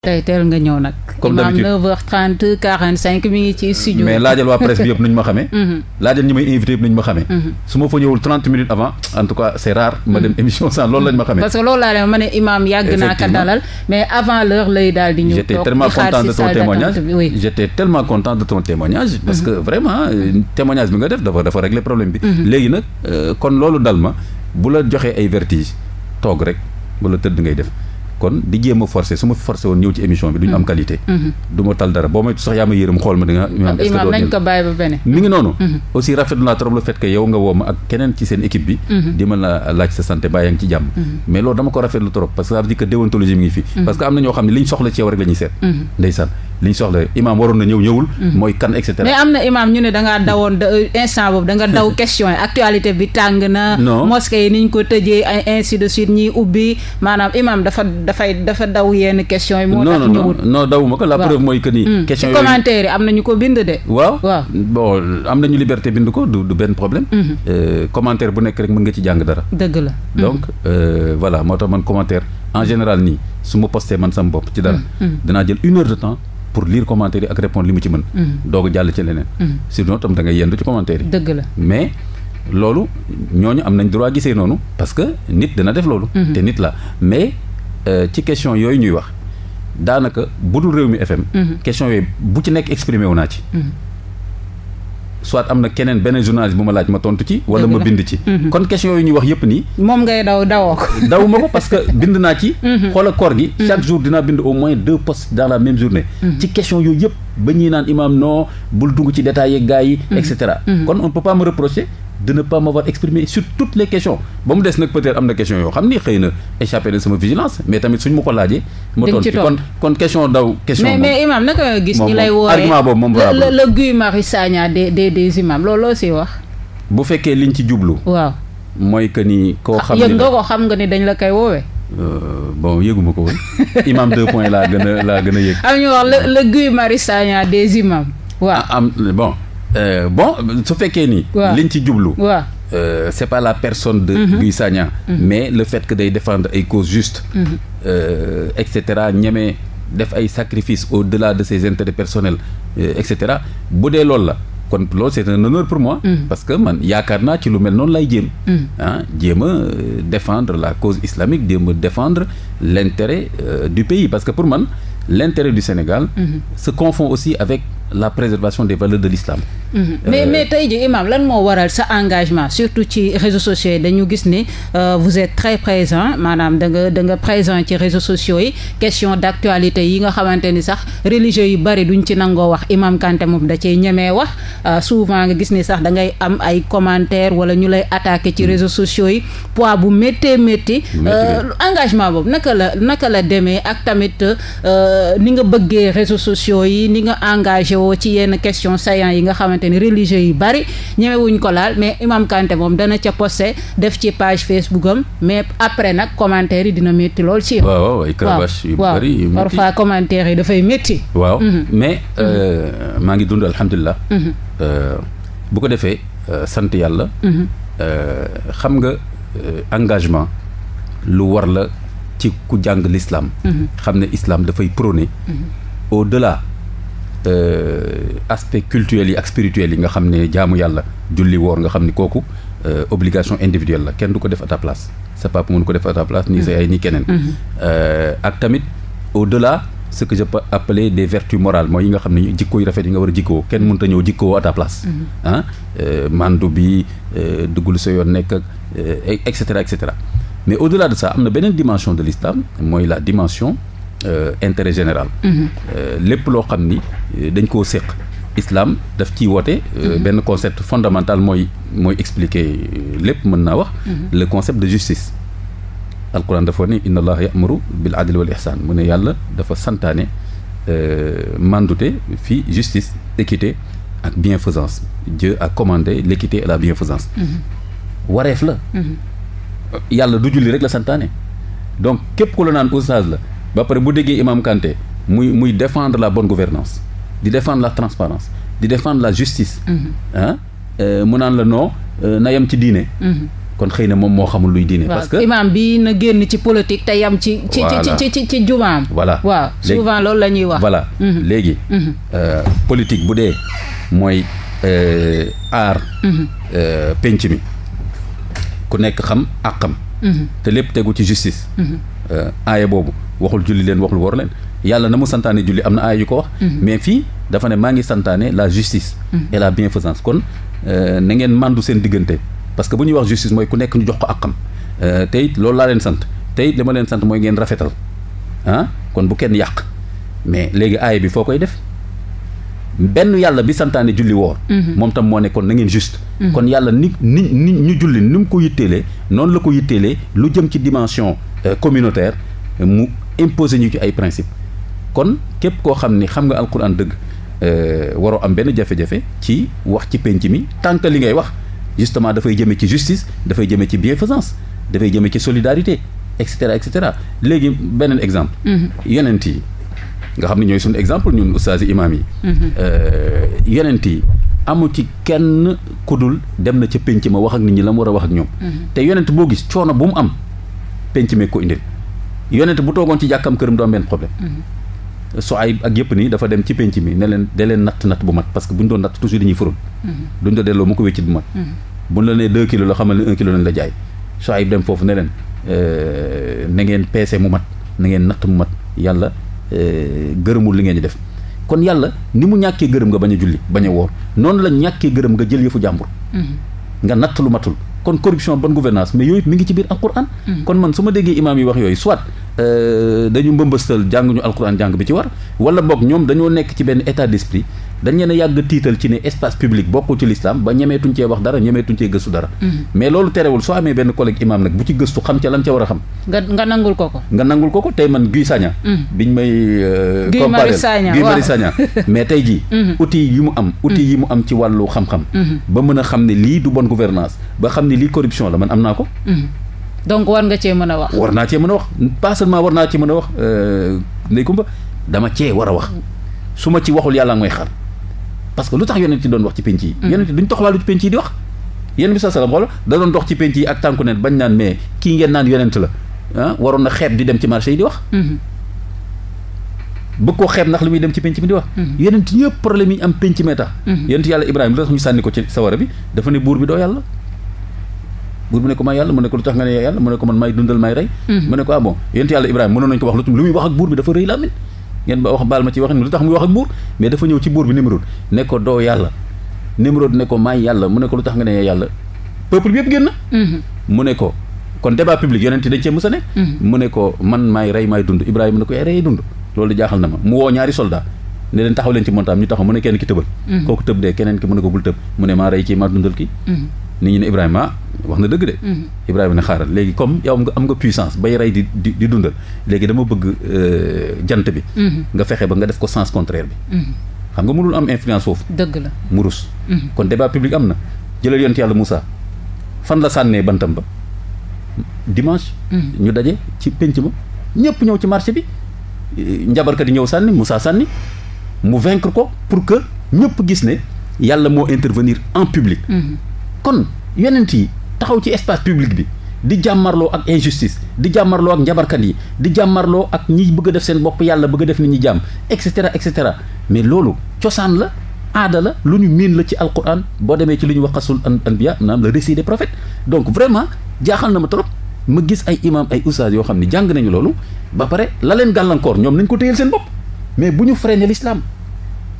tey teel nga ñëw nag. comme d'habitude imaam 9h30 ngi ci mais laajal waa presse bi yëpp nuñ ma mhm. mhm. en tout cas c'est rare ma dem mhm. émission sans loolu lañ ma xamee. parce que loolu laa leen ma ne imaam yàgg naa ka dalal mais avant l'heure lay daal di ñëw toog j'étais tellement content de ton parce que vraiment euh, témoignage bi nga def dafa dafa problème bi. léegi nag euh, kon loolu dal ma bu la joxee ay vertige toog rek la tëdd ngay def. kon di jéem a forcé su ma forcé woon ñëw ci émission bi mm-hmm. Mm-hmm. du am qualité du tal dara boo may sax yaa ma yërëm xool ma da dawoon euh, instant boobu da daw question yi actualité bi tàng na mosquée yi ni ñu ko tëjee ainsi de suite ñiy ubbi maanaam imaam dafa dafay dafa daw yenn question yi. moo tax ñëwul non non dawuma ko la preuve mooy que ni. Hmm. question yooyu commentaire yi am na ñu ko bind de. waaw waaw bon am nañu liberté bind ko du du benn problème. Hmm. Euh, commentaire bu nekk rek mën nga ci jàng dara. dëgg la hmm. donc euh, voilà moo tax man commentaire en général nii su ma posté man sama bopp ci dara. danaa jël une heure de temps. pour lire commentaire yi ak répondre li mu ci mën. doog jàll ci leneen. sinon tam da ngay yendu ci commentaire yi. dëgg la mais loolu ñooñu am nañ droit gisee noonu parce que nit dana def loolu. te nit la mais Euh, ci question yooyu ñuy wax daanaka bu dul réew mi FM. Mhm. question yooyu bu ci nekk exprimé wu naa ci. Mhm. soit am na keneen beneen journaliste bu ma laaj ma tontu ci. wala ma bind ci. Mhm. kon question yooyu ñuy wax yëpp nii. moom ngay daw dawoo ko. daw ma ko parce bind naa ci. xoola koor gi. chaque jour dinaa bind au moins deux postes dans la même journée. ci question yooyu yëpp ba ñuy naan imaam non bul dugg ci détails yeeg gars yi. et cetera kon on peut pas reprocher de ne pas m'avoir exprimé sur toutes les questions ba mu des nag peut am na question yoo xam ni xëy na échappé na sama vigilance mais tamit suñ ma ko laajee. ma tontu kon kon question daw. question mais mais imam naka nga gis. ñu lay woowee moom valable la la Guy Marius Sagna des des des imams looloo si wax. bu fekkee liñ ci jublu. waaw mooy que ni. koo ah, xam ne ko xam nga ni dañ la koy woowee. Euh, bon yëguma ko woon imam deux points laa gën a laa gën a yëg. am ñu wax la la Guy Marius Sagna des imams waaw ah, am bon. Euh, bon su fekkee ni. liñ ci jublu. waaw euh, c'est pas la personne de. Mm-hmm. Guy Sagna mm-hmm. mais le fait que day défendre ay causes justes. Mm-hmm. Euh, et cetera ñeme def ay sacrifices au-delà de ses intérêts personnels et cetera bu dee loolu la. kon loolu c'est un honneur pour moi. parce que man yaakaar naa ci lu mel noonu lay jéem. ah jéem a défendre la cause islamique jéem a défendre l'intérêt euh, du pays parce que pour man l'intérêt du Sénégal. Mm. se confond aussi avec la préservation des valeurs de l'islam mhm. euh, mais mais tey jii imam lan moo waral sa engagement surtout ci réseaux sociaux yi dañu gis ni euh, vous êtes très présent maanaam da nga da nga présent ci réseaux sociaux yi question d' actualité yi nga xamante ni sax religieux yu bëri duñ ci nangoo wax imam Kanté moom da cee ñemee wax euh, souvent nga gis ni sax da ngay am ay commentaires wala ñu lay attaqué ci mm. réseau sociaux yi poids bu méttee métti engagement boobu naka la naka la demee ak tamit ni nga bëggee réseaux yi ni woo ci yenn question saillant yi nga xamante ni religieux yu bari ñemewuñ ko laal mais imam Kanté moom dana ca posté def ci page Facebook mais après nag commentaire yi dina métti lool ci waaw waaw ay cravache yu bari parfois commentaire yi dafay métti waaw mhm. mais euh, maa ngi dund alhamdulilah mhm. euh, bu ko defee euh, sant yàlla mhm. xam nga engagement lu war la ci ku jàng l'islam xam ne islam dafay prôné au Euh, aspect culturel yi ak spirituel yi nga xam ne jaamu yàlla julli woor nga xam ne kooku euh, obligation individuelle la kenn du ko def à ta place sa papa mënu ko def à ta place ni sa yaay ni keneen mm-hmm. euh, ak tamit au delà ce que je appeler des vertus morales mooy yi nga xam ne jikko yu rafet yi nga war a jikkoo kenn mënut a ñëw jikkoo à ta place mm-hmm. ah mandu bi duggul sa yoon nekk et cetera et cetera mais au delà de sax am na beneen dimension de l'islam mooy la dimension Euh, intérêt général. Mhm. Euh, lépp loo xam ni euh, dañ koo séq. islam daf ciy woote mhm. benn concept fondamental mooy mooy expliquer lépp mën naa wax mhm. le concept de justice alquran dafa ne inna allaha ya'muru bil adli wal ihsan mu ne yàlla dafa santaane mandute fii justice équité ak bienfaisance Dieu ak commandé l'équité la bienfaisance wareef la yàlla du julli rek la santaane donc képp ku la naan oustaz la ba pare bu déggee Imam Kanté muy muy défendre la bonne gouvernance di défendre la transparence di défendre la justice mhm. euh, mu naan la noo euh, na yam ci diine mhm. kon xëy na moom moo xamul luy diine parce que imam bi na génn ci politique te yam ci ci ci ci ci jumaam voilà waaw souvent loolu la ñuy wax voilà mhm. léegi euh, politique bu dee mooy aar penc mi ku nekk xam àqam te lépp tegu ci justice aaya boobu waxul julli leen waxul woor leen yàlla na mu santaane julli am na ay yu ko wax mhm. mais fii dafa ne maa ngi santaane la justice mhm. et la bienfaisance kon euh, na ngeen màndu seen diggante parce que bu ñuy wax justice mooy ku nekk ñu jox ko àqam euh, te it loolu laa leen sant tey it li ma leen sant mooy ngeen rafetal ah kon bu kenn yàq mais léegi aay bi foo koy def benn yàlla bi santaane julli woor mhm. moom tam moo ne kon na ngeen juste kon yàlla ni ni ni ñu julli ni mu ko yitteelee la ko yitteelee lu jëm ci dimension euh, communautaire imposé ñu ci ay principe kon képp koo xam ni xam nga al alquran dëgg euh, waroo am benn jafe-jafe ci wax ci penc mi tant que li ngay wax justement dafay jëme ci justice dafay jëme ci bienfaisance dafay jëme ci solidarité et cetera et cetera léegi beneen exemple mm-hmm. yonent yi nga xam ne ñooy suñu exemple ñun ustaasi imaam yi mm-hmm. euh, yonent yi amu ci kenn kudul dem na ca penc ma wax ak nit ñi la mu war a wax ak ñoom mm-hmm. te yonent boo gis coono bu mu am penc mee ko indil yonent bu toogoon ci jàkkam këram du am benn problème mhm. so ay ak yëpp nii dafa dem ci penc mi ne leen de leen natt natt bu mat parce que bu ñu doon natt toujours dañuy furul mhm. duñ doon delloo mu ko wéccit bu mat mhm. bu ñu la nee deux kilos la xamal ne un kilo lañ la jaay so ay dem foofu ne leen euh, na ngeen peese mu mat na ngeen natt mu mat yàlla euh, gërëmul li ngeen di def kon yàlla ni mu ñàkkee gërëm nga bañ a julli bañ a woor noonu la ñàkkee gërëm nga jël yëfu jàmbur nga natt lu matul kon corruption bonne gouvernance mais yooyu mi ngi ci biir alquran mm-hmm. kon man su ma déggee imaam yi wax yooyu soit euh, dañu mbëmbëstal jànguñu alquran jàng bi ci war wala boog ñoom dañoo nekk ci benn état d'esprit dañ leen yàgg tiital ci ne espace public bokku ci l'islam ba ñemeetuñ cee wax dara ñemeetuñ cee gëstu dara mm-hmm. mais loolu terewul soo amee benn collègue imam nag bu ci gëstu xam ca lam a xam nga nangul ko ko nga ko ko tey man Guy Sagna mm-hmm. biñ may comparé euh, Guy Marius mais tey jii mm-hmm. outils yi mu am yi mu am ci wàllu xam-xam ba mën a xam ne lii du bonne gouvernance ba xam ne lii corruption la man am naa ko donc war nga cee mën a wax war naa cee mën a wax pas seulement war naa cee mën a wax euh, ndey Kumba dama cee war a wax su ma ci waxul yàlla mooy xar parce que lu tax yonent ci doon wax ci penc yi mm. yonent duñ toxlaalu ci penc yi di wax yonent bi sallallahu alayhi wa da doon dox ci penc yi ak tànku neen bañ naan mais kii ngeen naan yonent la ah, waroon na xeeb di dem ci marché yi di wax mm-hmm. bëgg koo xeeb ndax li muy dem ci penc mi di wax mm-hmm. yonent ñëpp problème yi am penc mee tax mm-hmm. yonent yàlla Ibrahima lu tax ñu sànni ko ci sawara bi dafa ne buur bi doo yàlla buur bi ne ko may yàlla mu ne ko lu tax nga ne yàlla mu ne ko man ngeen ba wax baal ma ci wax ni lu tax muy wax ak buur mais dafa ñëw ci buur bi Nimrod ne ko doo yàlla Nimrod ne ko maay yàlla mu ne ko lu tax nga ne yàlla peuple bi yëpp génn mm-hmm. mu ne ko kon débat public yonent dañ cee mës a ne mm-hmm. mu ne ko man maay rey maay dund Ibrahima ne ko yaay eh, rey dund loolu jaaxal na ma mu woo ñaari soldat ne leen taxaw leen ci montaam ñu taxaw mu ne kenn ki tëbal mm-hmm. kooku tëb dee keneen ki mu ne ko bul tëb mu ne maa rey kii wax na dëgg de. Mhm. Ibrahima ne xaaral léegi comme yow nga am nga puissance bay rey di di di dundal léegi dama bëgg euh, jant bi. Mhm. nga fexe ba nga def ko sens contraire bi. Mhm. xam nga mënul am influence foofu. dëgg la mu rus. kon débat public am na jëlal yonent yàlla Moussa fan la sànnee bantam ba dimanche. ñu daje ci penc ma ñëpp ñëw ci marché bi njabarkat yi ñëw sànni Moussa sànni mu vaincre ko pour que ñëpp gis ne yàlla moo intervenir en public. kon yonent yi taxaw ci espace public bi di jàmmarloo ak injustice di jàmmarloo ak njabarkat yi di jàmmarloo ak ñi bëgg a def seen bopp yàlla bëgg a def nit ñi jàmm et cetera et cetera mais loolu cosaan la aada la lu ñu miin la ci alquran boo demee ci lu ñu wax xasul anbiya naam le récit des prophètes donc vraiment jaaxal na ma torop ma gis ay imam ay oustaz yoo xam ne jàng nañu loolu ba pare la leen gàllankoor ñoom nañ ko téyel seen bopp mais bu ñu freiné l'islam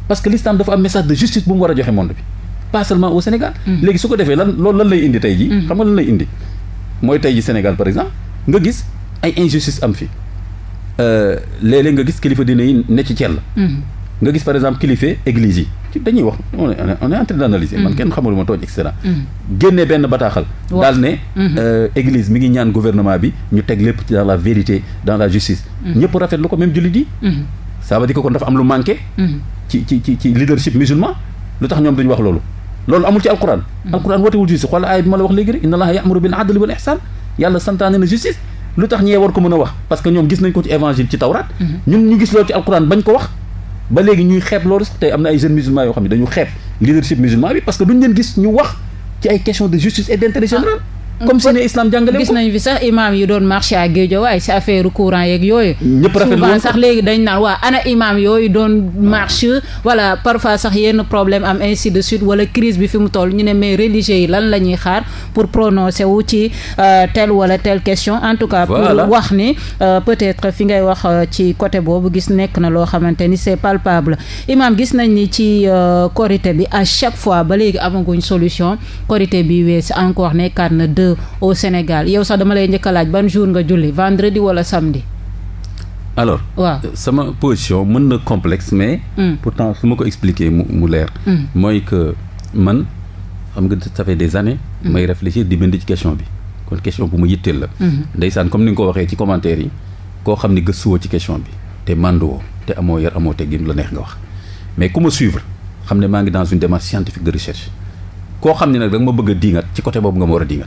parce que l'islam dafa am message de justice bu mu war a joxe monde bi pas seulement au Sénégal. Mm. léegi su ko defee lan loolu lan lay indi tey ji mm. xam nga lan lay indi mooy tey ji Sénégal par exemple nga gis ay injustice am fi euh, léeg-léeg nga gis kilifa dina yi ne ci cell mm. nga gis par exemple kilifa église yi dañuy wax on est on est en train d'analyser man kenn xamul ma tooj et cetera benn bataaxal daal ne mm-hmm. euh, église mi ngi ñaan gouvernement bi ñu teg lépp ci dans la vérité dans la justice ñëpp rafetlu ko même jullit yi ça veut dire kon dafa am lu manqué ci ci ci ci leadership musulman lu tax ñoom duñu wax loolu loolu amul ci alquran hmm. alquran wootewul justice xoolal aaya bi ma wax léegi rek inna allaha ya'muru bil adli wal ihsan yàlla santaane na justice lu tax ñee war ko mën a wax parce que ñoom gis nañ ko ci évangile ci tawraat hmm. ñun ñu gis loolu ci alquran bañ wax ba léegi ñuy loolu sax tey am na ay jeunes musulmans yoo xam ne dañu xeeb leadership musulman bi parce que duñ leen gis ñu wax ci ay question de justice et général comme si ne islam jàngale ko gis nañ fi sax imaam yi doon marché à Guédiawaye si affaire courant yooyu. ñëpp rafetlu woon sax léegi dañ naan waa ana imaam yooyu doon marché. voilà parfois sax yenn problème am ainsi de suite wala crise bi fi mu toll ñu ne mais religieux yi lan la ñuy xaar pour prononcer wu ci euh, telle wala telle question. en tout cas pour wax ni euh, peut-être fi ngay wax euh, ci côté boobu gis nekk na loo xamante ni c'est palpable imaam gis nañ ni ci korité bi à chaque fois ba léegi amaguñ solution o Sénégal yow sax dama lay njëkk a laaj ban jour nga julli vendredi wala samedi. alors waaw sama position mën na complexe mais. Hmm. pourtant su ma ko expliquer mu mu leer. Hmm. mooy que man xam nga ça fait des années. Hmm. may réfléchir di bind ci question bi kon question bu ma yitteel la. ndeysaan comme ni nga ko waxee ci commentaire yi koo xam ni gëstuwoo ci question bi te mànduwoo te amoo yar amoo teggin la neex nga wax mais ku ma suivre xam ne maa ngi dans une démarche scientifique de recherche koo xam da ma bëgg a diingat a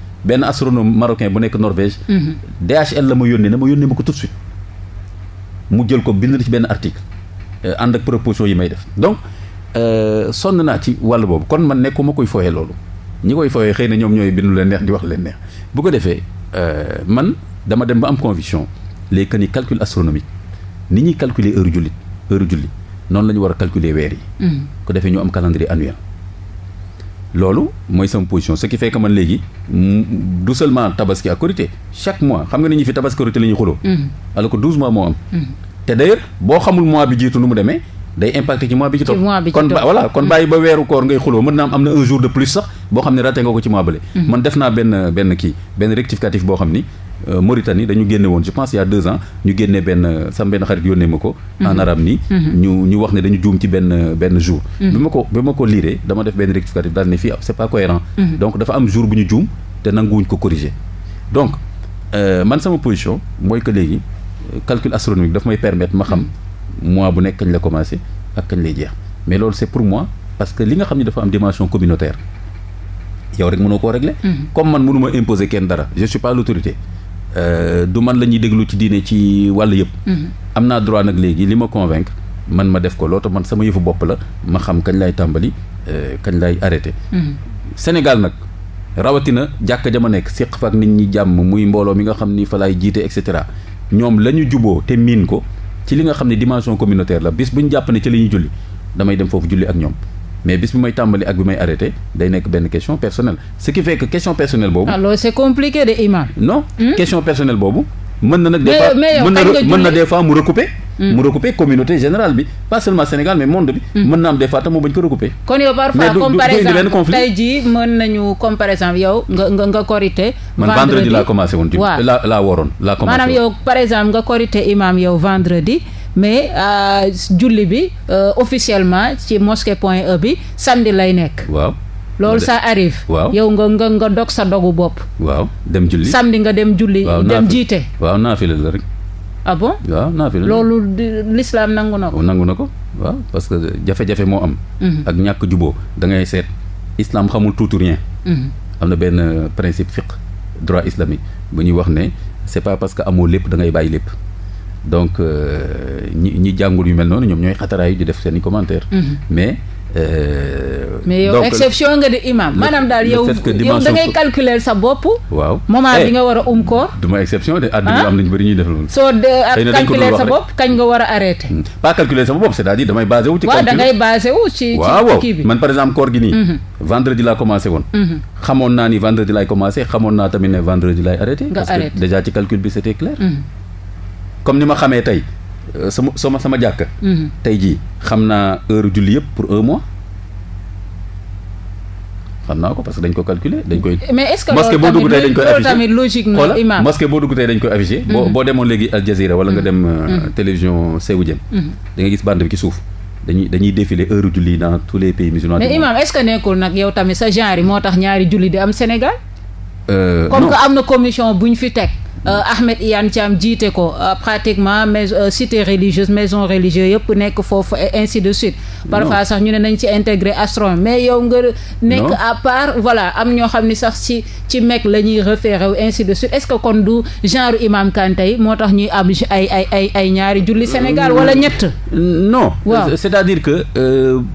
benn astronome marocain bu nekk Norvège. Mhm. DHL la ma yónnee na ma yónnee ma ko tout de suite mu jël ko bind na ci benn article euh, ànd ak proposition yi may def donc euh, sonn naa ci wàll boobu kon man nekku ma koy fooyee loolu ñi koy fooyee xëy na ñoom ñooy bindu leen neex di wax leen neex bu ko defee euh, man dama dem ba am conviction les que ni calcul astronomique ni ñuy calculer heure jullit heure julli noonu la ñu war a calculer weer yi. Mhm. ko defee ñu am calendrier loolu mooy sama position ce qui fait que man léegi mm, du seulement tabaski ak korité chaque mois xam nga ni ñu fi tabaski korité la ñuy xuloo mm-hmm. alors que douze mois moo am mm-hmm. te d'ailleurs boo xamul mois bi jiitu lu mu demee day impacté ci mois bi ci topp kon voilà kon mm-hmm. bàyyi ba weeru koor ngay xuloo mën naa am na un jour de plus sax boo xam ne raté nga ko ci mois bële man def naa benn benn kii benn rectificatif boo xam ni Euh, Mauritanie dañu génne woon je pense il y deux ans ñu génne benn sam benn xarit yónnee ma ko en mhm. arabe nii mhm. ñu ñu wax ne dañu juum ci benn benn jour mhm. bi ma ko bi ma ko liiree dama def benn rectificatif daal ne fii c'est pas cohérent donc dafa am jour bu ñu juum te nanguwuñ ko corriger donc euh, man sama position mooy que léegi euh, calcul astronomique daf may permettre ma xam mois bu nekk kañ la commencé ak kañ lay jeex mais loolu c'est pour moi parce que li nga xam ne dafa am dimension communautaire yow rek mënoo koo régler comme man mënuma imposer kenn dara je suis Euh, du man la ñuy déglu ci diine ci wàll yëpp. Mm-hmm. am naa droit nag léegi li ma convaincre man ma def ko loo man sama yëfu bopp la ma xam kañ lay tàmbali euh, kañ lay arrêté. Mm-hmm. Sénégal nag rawatina jàkka ja ma nekk séq fa ak nit ñi jàmm muy mbooloo mi nga xam ni fa laay jiite et ñoom la ñu juboo te miin ko ci li nga xam ni dimension communautaire la bis bu ñu jàpp ne ci li ñuy julli damay dem foofu julli ak ñoom. mais bis bi may tàmbali ak bi may arrêté day nekk benn question personnelle ce qui fait question personnelle boobu. alors ah, c'est compliqué de imam. non hmm? question personnelle boobu. mën na nag des mën na des mu recouper. Hmm. mu recouper communauté générale bi pas Sénégal mais monde bi. Hmm. mën na am des fois tam bañ ko recouper. kon yow parfois comme par exemple tey jii mën nañu comme par exemple yow nga nga nga korité. man vendredi laa commencé woon. waaw la laa waroon laa commencé mais euh, julli bi euh, officiellement ci mosquée point e bi samedi lay nekk. waaw loolu sa arrive. waaw yow nga nga nga dog sa dogu bopp. waaw dem julli samedi nga dem julli. dem jiite waaw naafila la rek. ah bon waaw naafila loolu l'islam nangu na ko. Oh, nangu na ko waaw parce que jafe-jafe moo am. Mhm. ak ñàkk juboo da ngay seet islam xamul tout ou rien. Mhm. am na benn euh, principe fiqh droit islamique bu ñuy wax ne c'est pas parce que amoo lépp dangay bàyyi lépp. donc euh, ñi ñi jàngul yu mel noonu ñoom ñooy xataraayu di def seen commentaire mhm. mais euh, mais yow exception nga de imam maanaam daal yow yow da ngay calculer sa bopp waaw moment bi eh, nga war a um koor du ma exception de àdduna bi ah. am nañu bëri ñuy def loolu soo calculer sa bopp kañ nga war a arrêté hmm. pas calculer sa bopp c'est-à-dire damay basé wu ci waaw da ngay basé wu ci waaw kii bi man par exemple koor gi nii mhm. vendredi laa commencé woon mhm. xamoon naa ni comme ni ma xamee tey euh, sama sama sama jàkk mhm. tey jii xam naa heure julli yëpp pour un mois xam naa ko parce que dañ ko calculer dañ koy. mais est-ce que na imam mosquée boo dugg tey dañ koy affiché. boo mhm. boo demoon léegi Al Jazeera wala nga mhm. dem euh, télévision saoudienne. da gis bande bi ci suuf. dañuy dañuy défilé heure julli dans tous les pays musulmans. mais imam est-ce que nekkul nag yow tamit sa genre yi moo tax ñaari julli di am Sénégal. Euh, comme que am na commission bu ñu fi teg. Euh, Ahmed Iyane Thiam jiite ko euh, pratiquement mais euh, cité religieuse maison religieuse yëpp nekk foofu et ainsi de suite. parfois sax ñu ne nañ ci intégré astron mais yow nga. nekk à part voilà am ñoo xam ni sax ci ci mekk la ñuy référé wu ainsi de suite est ce que kon du genre imam Kanté yi moo tax ñuy am ay ay ay ay ñaari julli Sénégal wala ñett. non waaw c' est à dire que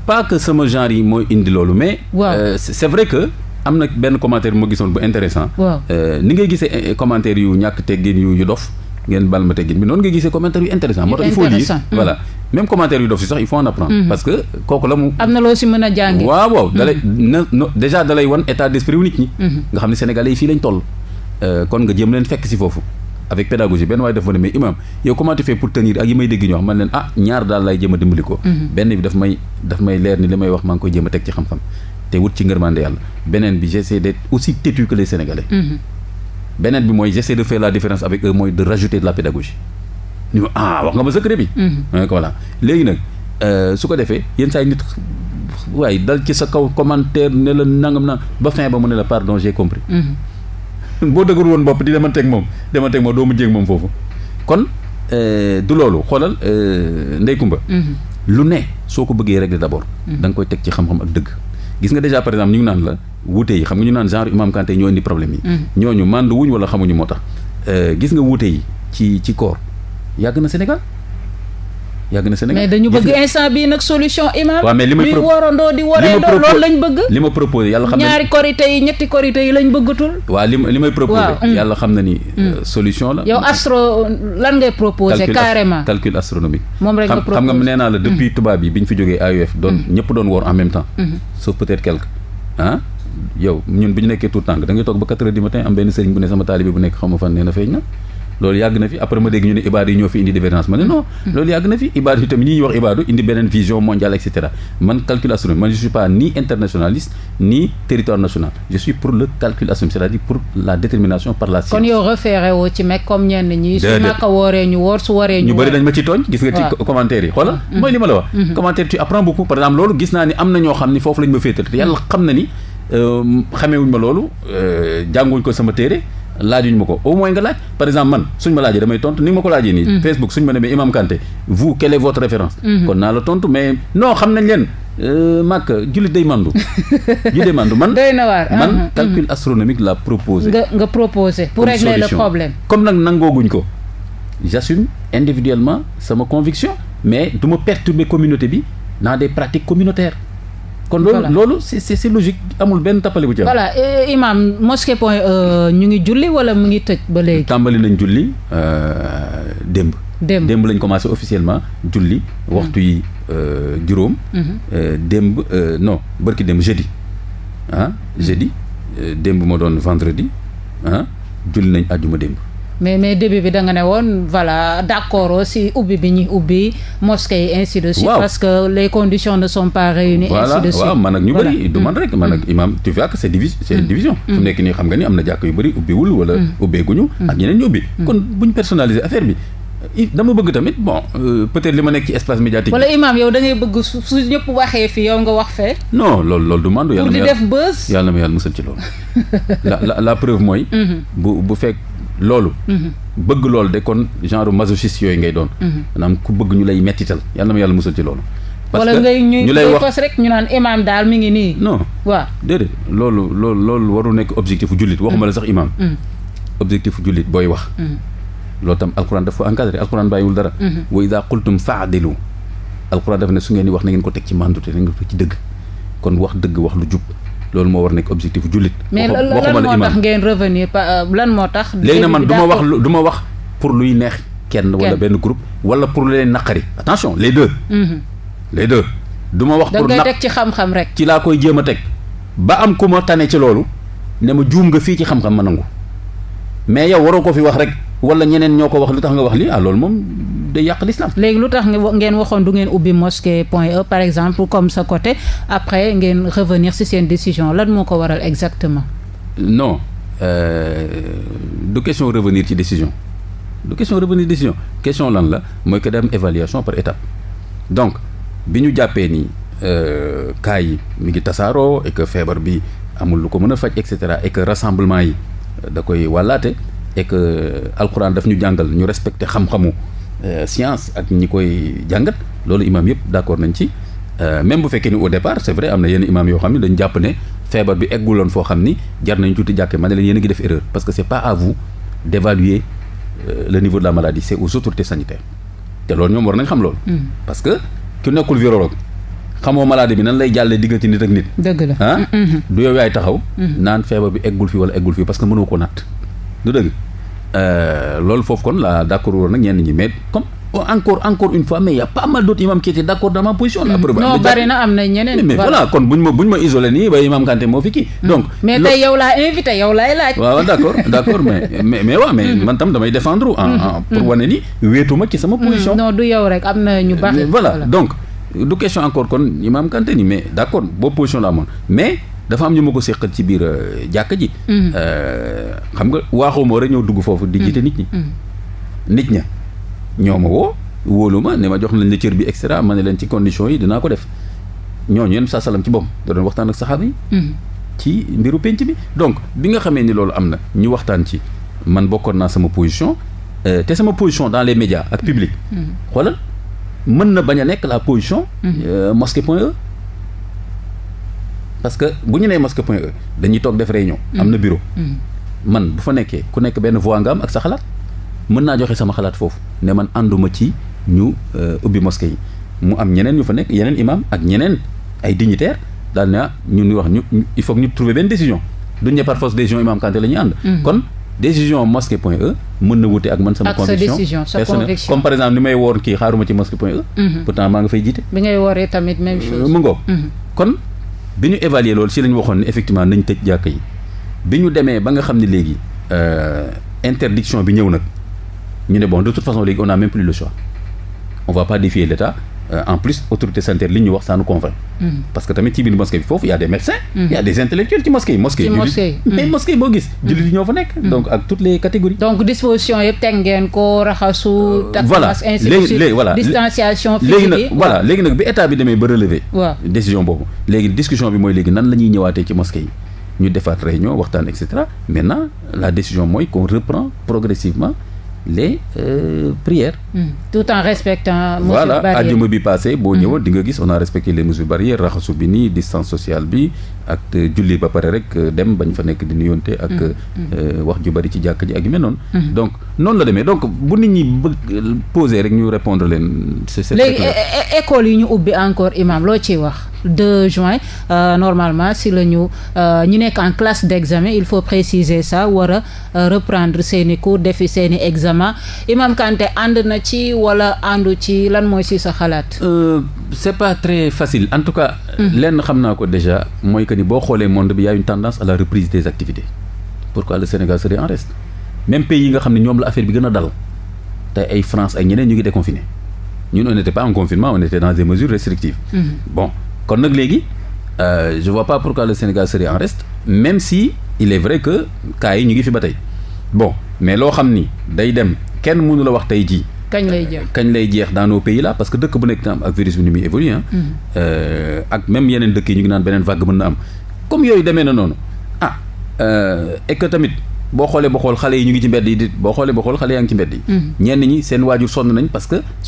pas que sama genre yi mooy indi loolu mais. waaw c' est vrai que. am na benn commentaire bu ma gisoon bu intéressant waaw euh, ni ngay gisee eh, commentaire yu ñàkk teggin yu yu dof ngeen bal ma bi noonu ngay gisee commentaire yu intéressant moo tax il faut lire mm. mm-hmm. waaw waaw dalay mm-hmm. na déjà dalay wan état d'esprit wu nit ñi mm-hmm. nga xam ne sénégalais fii lañ toll euh, kon nga jëm leen fekk si foofu avec pédagogie benn waaye def ma ne mais imam yow comment tu pour tenir ak yi may dégg ñoo xam man leen ah ñaar daal laay jëm a dimbali ko te wut ci ngërmande yàlla beneen bi j'essaie d'être aussi têtu que les sénégalais. Mhm. beneen bi mooy j'essaie de faire la différence avec eux mooy de rajouter de la pédagogie. ñu ah wax nga ma secret bi. donc mhm. léegi nag euh, su ko defee yenn saa yi nit waaye dal ci sa kaw commentaire ne la nangam na ba fin ba mu ne la pardon j'ai compris. Mhm. boo dëgër woon bopp di demanteeg moom demanteeg moom doo mujjee ak moom foofu kon euh, du loolu xoolal euh, ndey kumba lu ne soo ko bëggee régler d'abord. da nga koy teg ci xam-xam ak gis nga déjà par exemple ñu ngi naan la wuute yi xam nga ñu naan genre imam Kanté ñoo indi problème yi. Mm-hmm. ñooñu màndu wuñ wala xamuñu moo tax. Euh, gis nga wuute yi ci ci koor yàgg na Sénégal. yàgg na Sénégal mais dañu bëgg instant bii nag solution imam waaw mais li may warandoo di wareendoo loolu lañ bëgg li ma proposé yàlla xam na ñaari korité yi ñetti korité yi lañ bëggatul mm. xam na ni mm. euh, solution la yow astro lan ngay proposé carrément calcul astronomique moom rek nga proposé xam nga nee naa la depuis mm. tubaab yi bi ñu fi jógee AUF doon ñëpp doon woor en même temps mm-hmm. sauf peut-être quelques ah yow ñun bi ñu nekkee tout tànk da toog ba quatre heures du matin am benn sëriñ bu ne sama taalibe bu nekk xam fan nee feeñ na loolu yàgg na fi après ma dégg ñu ne ibaadu yi ñoo fi indi divergence ma ne non loolu yàgg na fi ibaadu yi tamit ñi ñuy wax ibaadu indi beneen vision mondiale et man calcul man je suis pas ni internationaliste ni territoire national je suis pour le calcul c'est-à-dire pour la détermination par la science. kon yow référé woo ci mekk comme ñi su naka wooree ñu woor su waree ñu bëri dañ ma ci tooñ gis nga ci commentaire yi xoola mm-hmm. mooy li ma la wax mm-hmm. commentaire tu apprends beaucoup par am na ñoo mm-hmm. euh, ma loolu euh, jànguñ ko sama téere laajuñ ma ko au moins nga laaj par exemple man suñ ma laajee damay tontu ni ma ko laajee nii. Mm-hmm. Facebook suñ ma demee Imam Kanté vous quelle est votre référence. Mm-hmm. kon naa la tontu mais non xam nañ leen. Euh, Màkk jullit day mandu jullit day mandu man doy na waar man ah, ah. calcul mm-hmm. astronomique la proposé. nga nga proposé pour régler le problème. comme nag nangooguñ ko j'assume individuellement sama conviction mais du ma perturber communauté bi dans des pratiques communautaire kon loolu loolu c'est c'est logique amul benn tappale bu ci am. voilà imam mosquée point euh, ñu ngi julli wala mu ngi tëj ba léegi. tàmbali nañ julli euh, démb. démb démb lañ commencé officiellement julli. waxtu yi euh, juróom. Mhm. démb non barki démb jeudi ah démb ma doon vendredi ah julli nañ àjjuma démb. mais mais début bi da nga ne woon voilà d'accord aussi ubbi bi ñuy ubbi mosquée yi ainsi de suite. waaw parce que les conditions ne sont pas réunies. ainsi de suite voilà waaw man ak ñu bëri du man mm. rek man ak mm. imam tu vois que mm. division su nekk nii xam nga ni am na jàkk yu bëri ubbiwul wala. ubbeeguñu ak ñeneen ñu ubbi. kon buñ personnaliser affaire bi. dama bëgg tamit bon euh, peut-être li ma nekk ci espace médiatique. wala imaam yow da ngay bëgg su su ñëpp waxee fii yow nga wax fee. non loolu loolu du mandu. yàlla na ma yàlla pour musal ci loolu. la la la mooy. Mm-hmm. bu bu fekk. loolu. Mhm. bëgg loolu de kon genre masochiste yooyu ngay doon. Mhm. maanaam ku bëgg ñu lay mettital yàlla na ma yàlla musal ci loolu. parce que ñu lay wax wala ñu naan imaam daal mi ngi nii. non waaw déedéet loolu loolu loolu nekk objectif bu jullit waxuma la sax imaam. Mhm. objectif bu jullit booy wax. loolu tam alquran daf ko encadré alquran bàyyiwul dara. wa ida qultum faadilu alquran daf ne su ngeen di wax na ngeen ko teg ci mandute na ngeen ko teg ci dëgg kon wax dëgg wax lu jub. loolu moo war nekk objectif jullit. mais lan moo tax ngeen revenir euh, lan moo tax. léegi na man du ma wax du ma wax pour luy neex kenn wala benn groupe wala pour lu leen naqari attention les deux. Mhm. les deux du ma wax. pour naq ci xam-xam rek. ci laa koy jéem a teg ba am ku tane ci loolu ne ma juum nga fii ci xam-xam ma nangu mais yow waroo ko fi wax rek. wala ñeneen ñoo ko wax lu tax nga wax li ah, loolu moom day yàq l'islam léegi lu tax ngeen waxoon du ngeen ubbi mosquée point e par exemple comme sa côté après ngeen revenir ci seen décision lan moo ko waral exactement non euh, du question revenir ci décision du question revenir décision question lan la mooy que dem évaluation par étape donc bi ñu jàppee ni euh, cas yi mu ngi tasaaroo et feebar bi amul lu ko mën a faj et cetera et que rassemblement yi da koy wàllaate et que alxuraan daf ñu jàngal ñu respecté xam-xamu euh, science ak ñi koy jàngat loolu imaam yëpp d'accord nañ ci euh, même bu fekkee ni au départ c'est vrai am na yenn imaam yoo xam ne dañ jàpp ne feebar bi egguloon foo xam ni jar nañ tuuti jàkkee ma leen yéen a ngi def erreur parce que c'est euh, de la maladie c'est aux autorités sanitaires te loolu ñoom war nañ xam mm. nekkul virologue xamoo maladie bi nan lay jàllee diggante nit ak nit. dëgg la ah. du yow yaay taxaw. Mm. naan feebar bi eggul fi wala eggul fi parce que mënoo ko natt. du dëgg euh, loolu foofu kon la d'accord woon nag ñenn ñi mais comme oh, encore encore une fois mais y a pas mal d'autres imams qui étaient d'accord dans ma position la mm. preuve non bari na am na mais voilà kon buñ ma buñ ma isolé nii ba imam Kanté moo fi kii mm. donc mais tey yow laa invité yow laay laaj waaw d'accord d'accord mais mais waaw mais mm. man tam damay défendre pour wane ni wéetuma ci sama position non du yow rek am na ñu baax voilà donc du question encore kon imam Kanté ni mais d'accord boo position mais dafa am ñu ma ko séqal ci biir euh, jàkk ji mm-hmm. euh, xam nga waaxuma war a ñëw dugg foofu di jiite mm-hmm. nit ñi mm-hmm. nit ña ñoo ma woo wóolu ma ne ma jox nañ la cër bi et ma ne leen ci condition yi dinaa ko def ñoo yéen saa salam ci boppam da doon waxtaan ak saxaaba yi ci mbiru penc bi donc bi nga xamee ni loolu am na ñu waxtaan ci man bokkoon naa sama position euh, te sama position dans le médias ak public xoolal mën na bañ a nekk la position mosquée point e. parce que bu ñu nee mosquée point E dañuy toog def réunion. Mm. am na bureau. Mm. man bu fa nekkee ku nekk benn voix nga am ak sa xalaat mën naa joxe sama xalaat foofu ne man ànduma ci ñu euh, ubbi mosquée yi mu am ñeneen ñu fa nekk yeneen imam ak ñeneen ay dignitaires daal ne ah, ñun ñu wax ñu ñu trouver benn décision duñ ne décision imam Kanté la ñuy ànd. Mm. kon décision mosquée point e mën na wute ak man sama conviction personnelle comme par exemple ni may woor kii xaaruma ci mosquée point E. Mm-hmm. pourtant maa nga fay jiite. bi ngay wooree tamit bi ñu évaluer loolu ci la ñu waxoon ne effectivement nañ tëj jàkk yi bi ñu demee ba nga xam ni léegi euh, interdiction bi ñëw nag ñu ne bon de toute façon léegi on a même plus le choix on va pas défier l'État Euh, en plus autorité sanitaire li ñu wax ça nous mm-hmm. parce que tamit ci biir bi foofu y a des médecins mm-hmm. y a des intellectuels ci mosquée yi mosquée yi mais mm-hmm. mosquée boo gis jullit yi ñoo fa nekk donc ak toutes les catégories donc disposition yëpp teg ngeen ko raxasu euh, takk masque ainsi de suite distanciation physique léegi nag voilà léegi bi état bi demee ba relever waaw décision boobu léegi discussion bi mooy léegi nan la ñuy ñëwaatee ci mosquée yi ñu defaat réunion waxtaan et cetera maintenant la décision mooy qu'on reprend progressivement les euh, prières. Mmh. tout en respectant. mesures voilà àjjuma bi passé boo hmm. ñëwoon di nga gis on a respecté les mesures barrières raxasu bi nii distance sociale bi ak euh, julli ba pare rek euh, dem bañ fa nekk di nuyonte ak hmm. Euh, hmm. wax ju bari ci jàkk ji ak yu mel donc noonu la demee donc bu nit ñi bëgg poser rek ñu répondre leen. c'est léegi école yi ñu ubbi encore imam loo ci wax. 2 juin euh, normalement si la ñu euh, ñu nekk en classe d'examen il faut préciser ça war a euh, seeni cours defi seeni examen Imam Kanté ànd na ci wala àndu ci lan mooy si sa xalaat euh, c'est pas très facile en tout cas mm. lenn xam naa ko déjà mooy que ni boo xoolee monde bi y a une tendance à la reprise des activités pourquoi le Sénégal serait en reste même pays nga xam ne ñoom la affaire bi gën a dal tey ay France ay ñeneen ñu ngi déconfiné ñun on n'était pas en confinement on était kon nag léegi euh, je vois pas pourquoi le Sénégal serait en reste même si il est vrai que cas yi ñu ngi fi ba tey bon mais loo xam ni day dem kenn mënu la wax tey jii. kañ lay jeex kañ lay jeex dans parce que dëkk bu nekk na am ak virus bi ni muy évolué mm-hmm. euh, ak même yeneen dëkk yi ñu ngi naan beneen vague mën na am comme yooyu demee na noonu ah euh, et tamit boo xoolee ba xool xale yi ñu ngi ci mbedd yi di boo xoolee ba xool xale yaa ngi ci mbedd yi. Mm-hmm. ñenn ñi seen waajur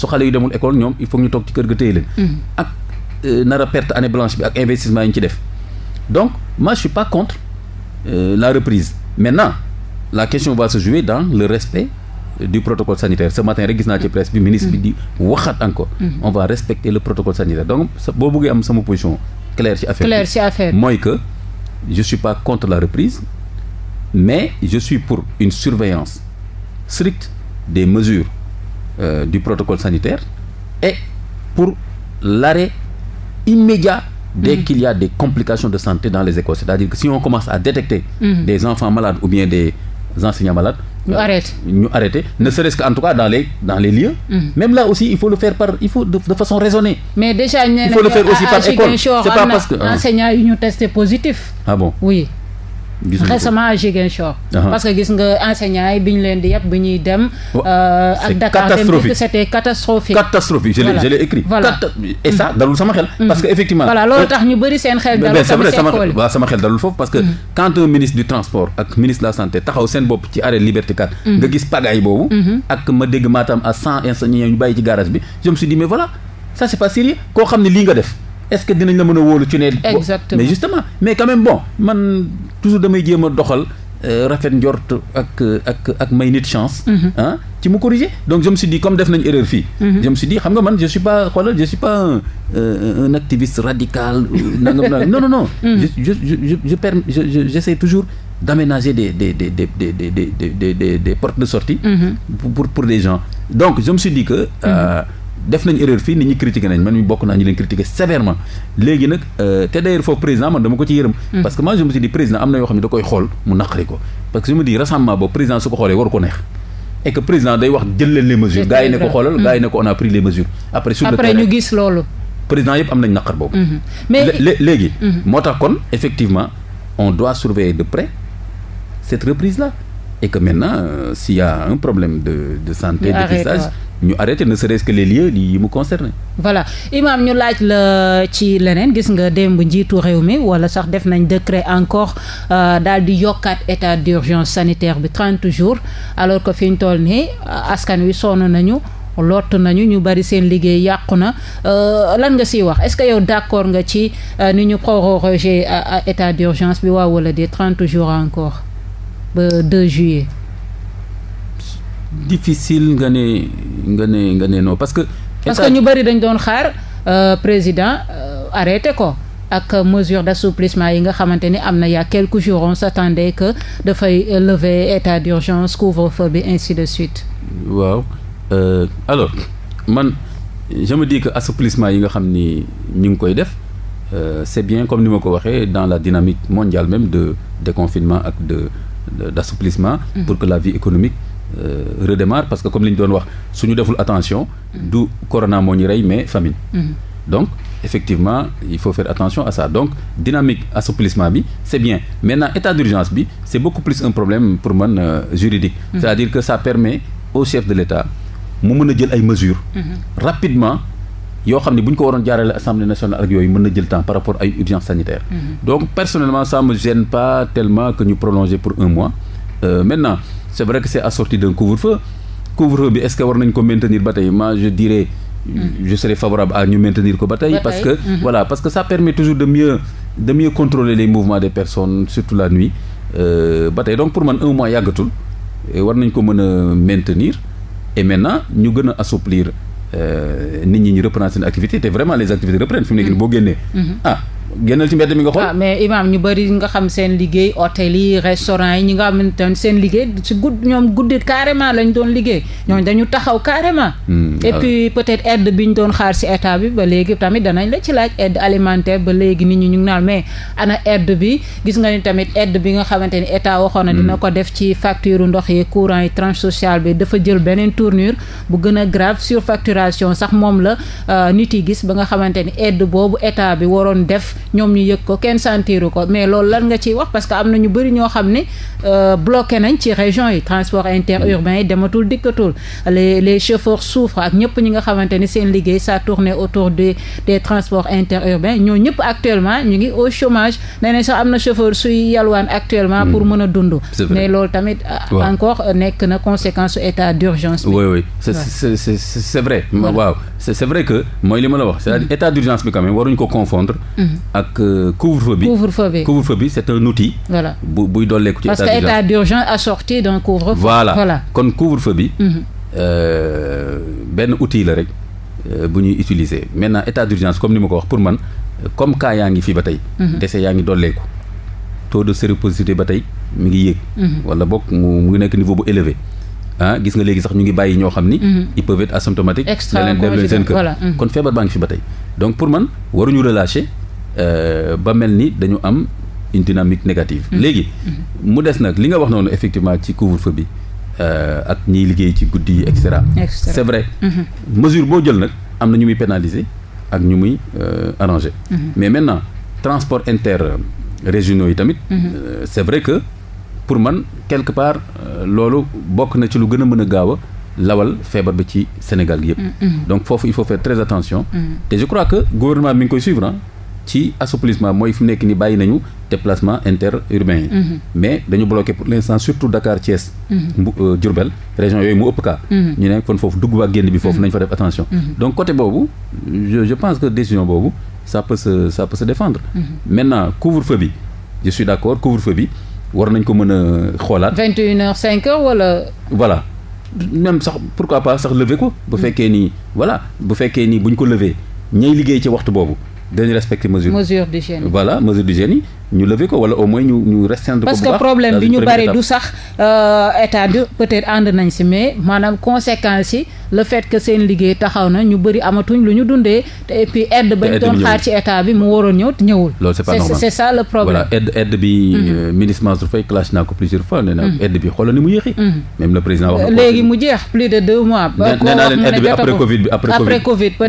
xale yu demul école ñoom il faut ñu toog ci kër ga téye leen. Mm-hmm. Euh, nar perte année blanche bi ak investissement yi ñu ci def donc moi je suis pas contre euh, la reprise maintenant la question va se jouer dans le respect euh, du protocole sanitaire ce matin rek gis na ci presse bi ministre bi di waxaat encore mm-hmm. on va respecter le protocole sanitaire donc boo bëggee am sama position claire ci affaire claire ci affaire mooy que je suis pas contre la reprise mais je suis pour une surveillance stricte des mesures euh, du protocole sanitaire et pour immédiat dès mm qu'il y a des complications de santé dans les écoles c'est-à-dire que si on commence à détecter mm. des enfants malades ou bien des enseignants malades ñu euh, arrêté ñu arrêté ne serait que en tout cas dans les dans les lieux. Mm. même là aussi il faut le faire par il faut de, façon raisonnée. il faut le faire aussi par école c'est pas parce que enseignants yu ñu testé positif. ah bon gis nga enseignants yi bi ñu leen di yàpp bi ñuy dem euh, ak Dakar dem dikk c'était catastrophique catastrophique je l'ai je l'ai écrit voilà et ça dalul sama xel mhm. parce que effectivement voilà loolu euh, tax ñu bëri seen xel dalul tamit seen xol waaw sama xel dalul foofu parce que mhm. quand ministre du transport ak ministre la santé taxaw seen bopp ci arrêt Liberté 4 mhm. nga gis pagaille boobu ak ma dégg a à cent enseignants ñu bàyyi ci garage bi je me suis mais voilà est-ce que dinañ la mën a wóolu ci ne. exactement mais justement mais quand même bon man toujours damay jéem a doxal. rafet njort ak ak may nit chance. ci mu corriger donc je me suis dit comme def nañ erreur fii. je me suis dit xam nga man je suis pas xoolal je suis pas un un activiste radical. nangam non non je je je je toujours d'aménager des des des des des des des des de sortie. pour pour pour des gens donc je me suis dit que. def nañ erreur fii nit ñi critiqué nañ man mi bokk naa ñu leen critiqué sévèrement léegi nag euh, te d'ailleurs foofu président man dama ko ci yërëm hmm. parce que moi je me suis président am na yoo xam ne da koy xool mu naqari ko parce que je me dis rassemblement boobu président su ko xoolee waru ko neex et président day wax jël leen les mesures gars yi ne ko xoolal gars yi hmm. ne ko on a pris les mesures après sur le terrain après ñu gis loolu président yëpp am nañ naqar e que maintenant euh, s'il y a un problème de santé de dépistage ñu arrêté na serait-ce que les lieux yi mu concerné voilà Imaam ñu laaj la ci leneen gis nga démb njiitu réew mi wala sax def nañ décret encore euh, daal di yokkaat état d'urgence sanitaire bi 30 jours alors que fi ñu toll nii euh, askan wi sonn nañu lott nañu ñu bari seen liggéey yàqu na euh, lan nga siy wax est-ce que yow d'accord nga ci ni ñu proroger état d'urgence bi waaw wala des 30 jours encore ba 2 juillet. difficile nga ne nga ne nga parce que. parce que ñu bëri dañ doon xaar euh, président euh, arrêté ko. ak mesure d'assouplissement yi nga xamante ni am na y'a quelques jours on s'attendait que dafay euh, lever état d'urgence couvre-feu bi ainsi de suite waaw euh, alors man je me dis que assouplissement yi nga xam ni ñu ngi koy def c'est bien comme ni ma ko waxee dans la dynamique mondial même de déconfinement ak de d'assouplissement pour que la vie économique Euh, redémarre parce que comme li ñu doon wax suñu deful attention mmh. du corona moo ñu rey mais famine mm-hmm. donc effectivement il faut faire attention à ça donc dynamique assouplissement bi c'est bien maintenant état d'urgence bi c'est beaucoup plus un problème pour man euh, juridique mm-hmm. c'est-à-dire que ça permet au chef de l'État mu mën a jël ay mesures mm-hmm. rapidement yoo xam ne bu ñu ko waroon jaarale assemblée nationale ak yooyu mën na jël temps par rapport ay urgence sanitaire mhm. donc personnellement ça me gêne pas tellement que ñu prolonger pour un mois euh, maintenant c'est vrai que c'est assorti d'un couvre-feu couvre-feu bi est que war nañ ko maintenir ba tey moi je dirais mhm. je serais favorable à ñu maintenir ko ba tey parce que mhm. voilà parce que ça permet toujours de mieux de mieux contrôler les mouvements des personnes surtout la nuit euh, ba tey donc pour man Euh, nit ñi ñu reprendre seen activité te vraiment les activités reprennent fi mu nekk nii boo génnal ci mbedd mi nga xool. ah imaam ñu bëri nga xam seen liggéey hôtel yi restaurant yi ñi nga xamante ne seen liggéey si gudd ñoom guddi carrément lañ doon liggéey ñooñu dañu taxaw carrément. Hmm, ah et puis peut bi ñu doon xaar si état bi ba léegi tamit danañ la ci laaj aide alimentaire ba léegi nit ñi ñu ngi naan mais ana aide bi gis nga ni tamit aide bi nga xamante ni état waxoon na hmm. dina ko def ci facture ndox yi courant yi tranche sociale bi dafa jël beneen tournure bu gën a grave surfacturation sax moom la euh, nit yi gis ba nga xamante ñoom ñu yëg ko kenn sentiru ko mais loolu lan nga ciy wax parce que am na ñu bëri ñoo xam ne euh, bloqué nañ ci région yi transport interurbain yi dematul dikkatul les les chauffeurs souffrent ak ñëpp ñi nga xamante ni seen liggéey ça tourne autour des des transports interurbains ñoo ñëpp actuellement ñu ngi au chômage nee nañ sax am na chauffeur suy yalwaan actuellement pour hmm. mën a dund mais loolu tamit euh, encore euh, nekk na conséquence état d'urgence oui oui c'est c'est c'est c'est waaw c'est que mooy li ma la wax cest hmm. état d'urgence bi quand même waruñu ko confondre hmm. ak euh, couvre-feu bi couvre-feu bi couvre-feu bi c'est un outil. voilà bu buy dolleeku ci état d'urgence parce que assorti d'un couvre-feu. bi. Mhm. Euh, benn outil la rek euh, bu ñuy utiliser maintenant état d'urgence comme ni ma ko wax pour man comme cas yaa ngi fii ba tey. Mhm. décès yaa ngi dolleeku taux de séropositivité ba tey mi ngi yéeg. Mhm. wala boog mu mu ngi nekk niveau bu élevé. ah gis nga léegi sax ñu ngi bàyyi ñoo xam ni. ils peuvent être asymptomatiques. extra leen dem leen seen kon feebar baa ngi fi ba tey. donc pour man waruñu relâcher Euh, ba mel ni dañu am une dynamique négative. Mm-hmm. léegi mm-hmm. mu des nag li nga wax noonu effectivement ci couvre-feu bi euh, ak ñiy liggéey ci guddi yi et cetera. c'est vrai mm-hmm. mesure boo jël nag am na ñu muy pénaliser ak ñu muy euh, arranger. mais maintenant transport inter régionaux yi tamit. c'est vrai que pour man quelque part loolu bokk na ci lu gën a mën a gaaw a lawal feebar bi ci Sénégal gi yëpp. donc foofu il faut faire très attention. te je crois que gouvernement mi ngi koy suivre ci assouplissement mooy fi mu nekk ni bàyyi nañu déplacement interurbain yi. Mhm. mais dañu bloqué pour l'instant surtout Dakar Thiès. Mhm. mbu euh, Diourbel région yooyu mu ëpp ka mhm. ñu ne kon foofu dugg ak génn bi foofu nañu fa def attention. donc côté boobu je pense que décision boobu ça peut se ça défendre. maintenant couvre-feu bi je suis d'accord couvre-feu bi war nañ ko mën a xoolaat. 21 heures sax pourquoi pas sax lever ko bu fekkee ni voilà bu fekkee ni buñ ko lever ñay liggéey dañu respecter mesure. mesure d'hygiène voilà mesure d'hygiène yi ñu lever ko wala au moins ñu ñu restreindre ko que problème bi ñu bari du sax euh, état de peut-être ànd nañ si mais maanaam conséquences yi le fait que seen liggéey taxaw na ñu bëri amatuñ lu ñu dundee te et puis aide doon xaar ci état bi mu waroon ñëw ñëwul loolu c'est pas normal c'est ça le problème voilà aide aide bi mhm. euh, ministre Mansour Faye clash naa ko plusieurs fois nee na mhm. aide bi xoolal ni mu yéexi mhm. même le président léegi mu jeex plus de deux mois nee naa leen aide bi après Covid bi après Covid peut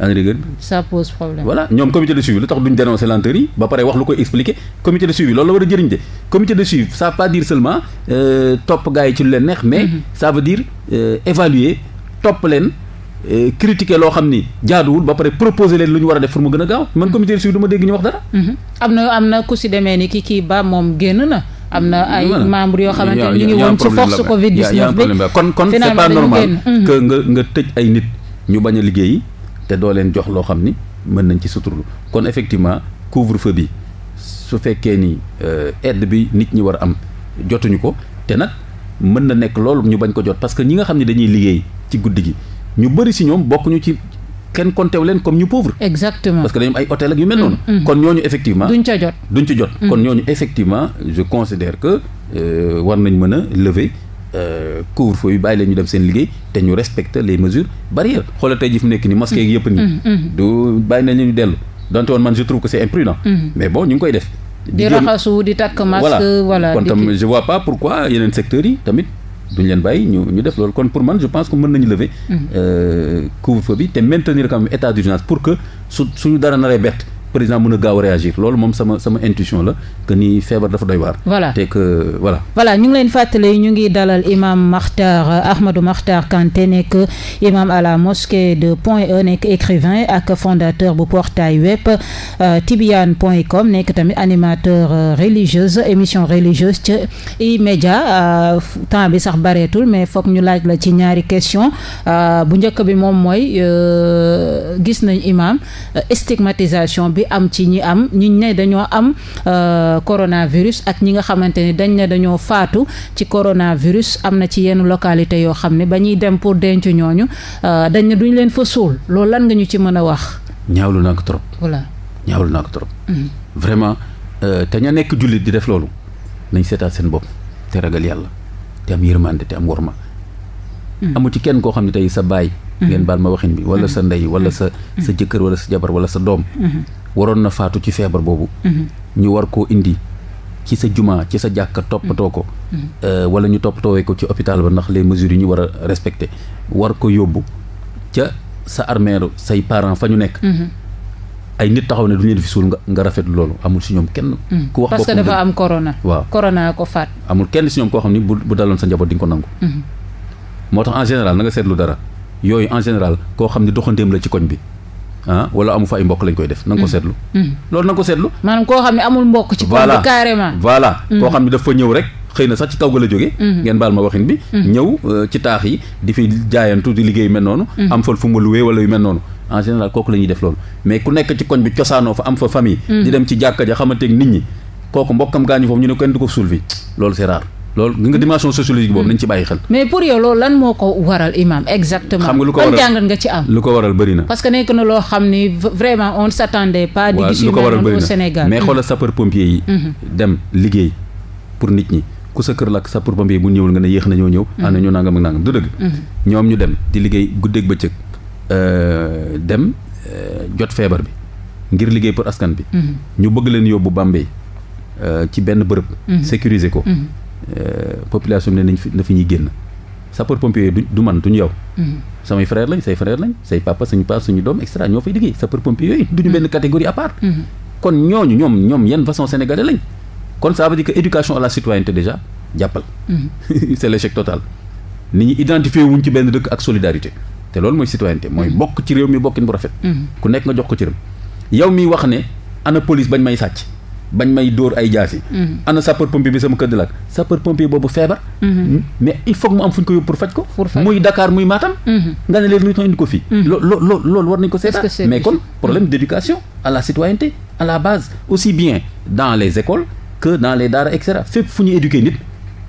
en rigueur bi. ça pose problème voilà ñoom comité de suivi lu tax duñ dénoncer lenteur yi ba pare wax lu koy expliquer comité de suivi loolu la war a jëriñ de comité de suivi ça pas dire seulement euh, topp gars yi ci lu leen neex mais mm-hmm. ça veut dire euh, évaluer topp leen. Euh, critiquer loo xam ni jaaduwul ba pare proposer leen lu ñu war a def pour mu gën a gaaw man comité de suivi du ma dégg ñu wax dara. Mm-hmm. am na am na ku si demee ni ki kii ba moom génn na. am na ay membres yoo xamante ne ñu ngi woon ci force Covid mm-hmm. ay nit ñu bañ a liggéeyi. te doo leen jox loo xam ni mën nañ ci suturlu kon effectivement couvre-feu bi su fekkee ni euh, aide bi nit ñi war a am jotuñu ko te nag mën na nekk loolu ñu bañ ko jot parce que ñi nga xam ne dañuy liggéey ci guddi gi ñu bëri si ñoom ñu ci kenn kontew leen comme ñu pauvre. exactement parce que dañu ay hôtel ak yu mel mm, noonu. Mm. kon ñooñu effectivement duñ ca jot duñ ci jot. Mm. kon ñooñu effectivement je considère que euh, war nañ mën a lever. Euh, couvre-feu yi bàyyi leen ñu dem seen liggéey te ñu respecter les mesures barrières xoolal tey ji fi nekk ni masque yi yëpp nii mm, mm. du bàyyi nañ dellu donte woon man je trouve que c'est imprudent mm. mais bon ñu ngi koy def di raxasu di takk masque voilà kon tam je vois pas pourquoi yeneen secteurs yi tamit duñu leen bàyyi ñu ñu def loolu kon pour man je pense que mën nañu lever euh, couvre-feu bi te maintenir quand même état d'urgence pour que su suñu dara naree bett président mën a gaaw réagir loolu moom sama sama intuition la que ni feebar dafa doy waar. voilà te que voilà. voilà ñu ngi leen fàttali ñu ngi dalal imam Makhtar euh, Ahmadou Makhtar Kanté nekk imam à la mosquée de Point E nekk écrivain ak fondateur bu portail web euh, tibian.com nekk tamit animateur euh, religieuse émission religieuse ci e temps bi sax bareetul mais foog ñu laaj la ci ñaari question bu njëkk bi moom mooy gis nañ imam stigmatisation. bi am ci ñi am ñi ne dañoo am euh, coronavirus ak ñi nga xamante ni dañ ne dañoo faatu ci coronavirus am na ci yenn localité yoo xam ne ba ñuy dem pour denc ñooñu euh, dañ ne duñ leen fa suul loolu lan nga ñu ci mën a wax. ñaawlu naa ko trop. voilà ñaawlu naa ko trop. Mm. vraiment euh, te ña nekk jullit di def loolu nañ seetaat seen bopp te ragal yàlla te am yërmande te am worma. Mm. amu ci kenn koo xam ne tey sa baay. Mm. ngeen baal ma waxin bi wala sa ndey wala sa sa jëkkër wala sa jabar wala sa doom mm-hmm. waroon na faatu ci feebar boobu mhm. ñu war koo indi ci sa juma ci sa jàkka toppatoo mhm. ko mhm. Euh, wala ñu toppatoowee ko ci hôpital ba ndax les mesures yi ñu war a respecté war ko yóbbu ca sa armeeru say parent fa ñu nekk ay nit taxaw ne du ñu fi suul nga nga rafet loolu amul si ñoom kenn. ku wax parce dafa am corona. waaw corona ko faat. amul kenn si ñoom koo xam ni bu bu daloon sa njaboot di ko nangu. moo tax en général na nga seetlu dara yooyu en général koo xam ni doxandeem la ci koñ bi. ah wala amu fa ay mbokk lañ koy def na nga ko mm. seetlu mm. loolu na nga ko seetlu maanaam koo xam ne amul mbokk ci koñ bi carrément mm. koo xam ne dafa ñëw rek xëy na sax ci kaw ga la jógee ngeen baal ma waxin bi ñëw euh, ci taax yi di fi jaayantu di liggéey mel am fal fu ma luwee yu mel en général kooku la ñuy def loolu mais ku nekk ci koñ bi cosaanoo fa am fa famille di dem ci jàkka ja xamanteeg nit ñi kooku mbokkam gaañu foofu ñu ne kenn du ko suul fi loolu nga dimension sociologique boobu hmm. nañ ci bàyyi xel. mais pour yow loolu lan moo ko waral imam xam nga lu ko waral ban jàngat nga ci am. lu ko waral parce que nekk na loo xam ni vraiment on s'attendait pas. di gis yu mel noonu au Sénégal mais hmm. xoolal sapeur pompier yi. Hmm. dem liggéey pour nit ñi. ku sa kër la ak sapeur pompier bu ñëwul nga ne yéex na ñoo ñëw am na ñoo nangam ak du dëgg ñoom ñu dem di liggéey guddeeg bëccëg euh, dem euh, jot feebar bi ngir liggéey pour askan bi ñu bëgg leen yóbbu Bambey euh, ci benn bërëb ko Euh, population bi ne nañ fi na fi ñuy génn sapeur pompier du du man du ñu yow. Mm-hmm. samay frère lañ say frère lañ say papa suñu doom et ñoo fay liggéey sapeur pompier yooyu. du ñu mm-hmm. benn catégorie à mm-hmm. kon ñooñu ñoom ñoom yan façon sénégalais lañ. kon ça veut dire que éducation à la citoyenneté déjà jàppal. c'est l'échec total. nit ñi identifié wuñ ci benn dëkk ak solidarité. te loolu mooy citoyenneté mooy bokk ci réew mi bokkin bu rafet. ku nekk nga jox ko cëram. yow miy wax ne ana police bañ may bañ may dóor ay jaasi. Mhm. ana sapeur pompier bi sama kër di lakk sapeur pompier boobu feebar. Mhm. Hmm? mais il faut mu am fu ñu ko yóbbu pour faj ko. muy Dakar muy Matam. Mhm. nga ne leen lu ñu indi ko fii. loo loo war nañ ko seetaan mais kon problème d' éducation la citoyenneté à la base aussi bien dans les écoles que dans les daara et cetera fu ñu éduquer nit.